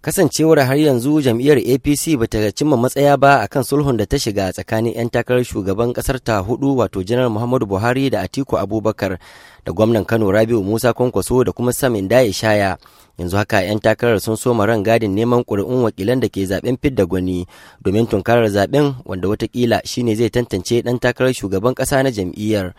kasancewar har yanzu jam'iyyar apc ba ta cimma matsaya ba a kan sulhun da ta shiga tsakanin 'yan takarar shugaban kasar ta hudu wato janar muhammadu buhari da atiku abubakar da gwamnan kano rabiu musa kwankwaso da kuma samin ya shaya yanzu haka 'yan takarar sun soma ran gadin neman ƙuri'un wakilan da ke zaben fidda gwani domin tunkarar zaben wanda watakila shine zai tantance ɗan takarar shugaban ƙasa na jam'iyyar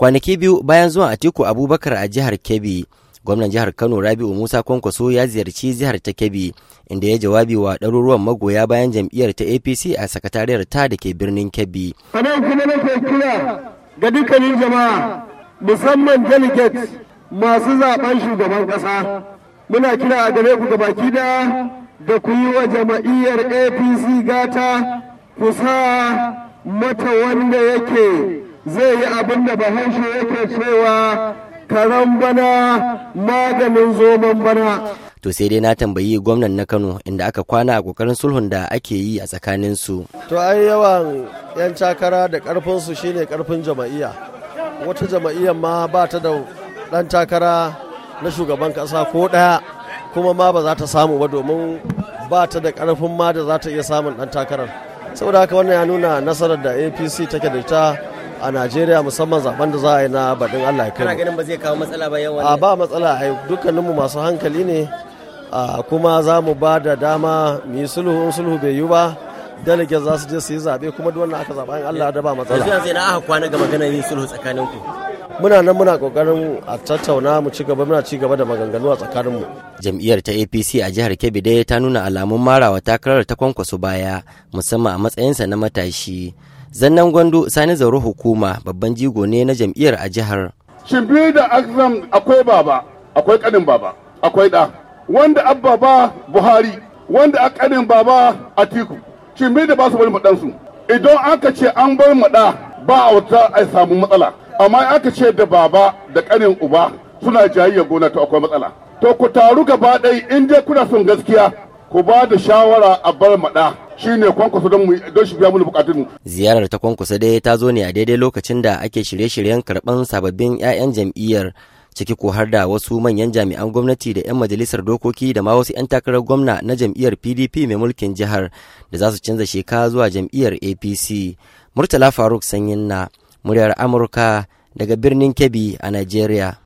kwanaki biyu bayan zuwa atiku abubakar a jihar kebbi gwamnan jihar kano rabi'u musa kwankwaso ya ziyarci jihar ta kebbi inda ya jawabi wa ɗaruruwan magoya bayan jam'iyyar ta apc a sakatariyar ta da ke birnin kebbi nan kuma nake kira ga dukkanin jama'a musamman delegate masu zaben shugaban ƙasa muna kira a gare ku gabaki da da ku yi wa jama'iyyar apc gata ku sa mata wanda yake zai yi abin da bahaushe yake cewa karan bana maganin zoman bana. To sai dai na tambayi gwamnan na Kano inda aka kwana a kokarin sulhun da ake yi a tsakanin su. To ai yawan 'yan takara da karfin su shine karfin jama'iya. Wata jama'iyyar ma ba ta da ɗan takara na shugaban ƙasa ko ɗaya kuma ma ba za ta samu ba domin ba ta da ƙarfin ma da za ta iya samun ɗan takarar. Saboda haka wannan ya nuna nasarar da APC take da ita a Najeriya musamman zaben da za a yi na baɗin Allah ya kai. Kana ganin ba zai kawo matsala ba A ba matsala a dukkaninmu masu hankali ne kuma za mu ba da dama mu yi sulhu in sulhu bai yi ba delegate za su je su yi zaɓe kuma duk wannan aka zaɓa in Allah da ba matsala. Yanzu yanzu na aka kwana ga maganar yin sulhu tsakanin ku. muna nan muna kokarin a tattauna mu ci gaba muna ci gaba da maganganu a tsakanin mu jam'iyyar ta APC a jihar Kebbi dai ta nuna alamun marawa takarar ta kwankwaso baya musamman a matsayinsa na matashi Zannan Gwando Sani Zauro Hukuma babban jigo ne na jam'iyyar a jihar. Shimfi da Akram akwai baba, akwai kanin baba, akwai ɗa. Wanda abba ba Buhari, wanda a kanin baba Atiku. Shimfi da ba su bari maɗansu. Idan aka ce an bar maɗa ba a wata a samu matsala. Amma aka ce da baba da kanin uba suna jayayya gona to akwai matsala. To ku taru gaba ɗaya in dai kuna son gaskiya ku ba da shawara a bar maɗa. shi ne kwankwasa don mu don shi biya mu bukatun mu. Ziyarar ta kwankwasa dai ta zo ne a daidai lokacin da ake shirye-shiryen karɓan sababbin 'ya'yan jam'iyyar ciki ko har da wasu manyan jami'an gwamnati da 'yan majalisar dokoki da ma wasu 'yan takarar gwamna na jam'iyyar PDP mai mulkin jihar da za su canza sheka zuwa jam'iyyar APC. Murtala Faruk Sanyin na muryar Amurka daga birnin Kebbi a Najeriya.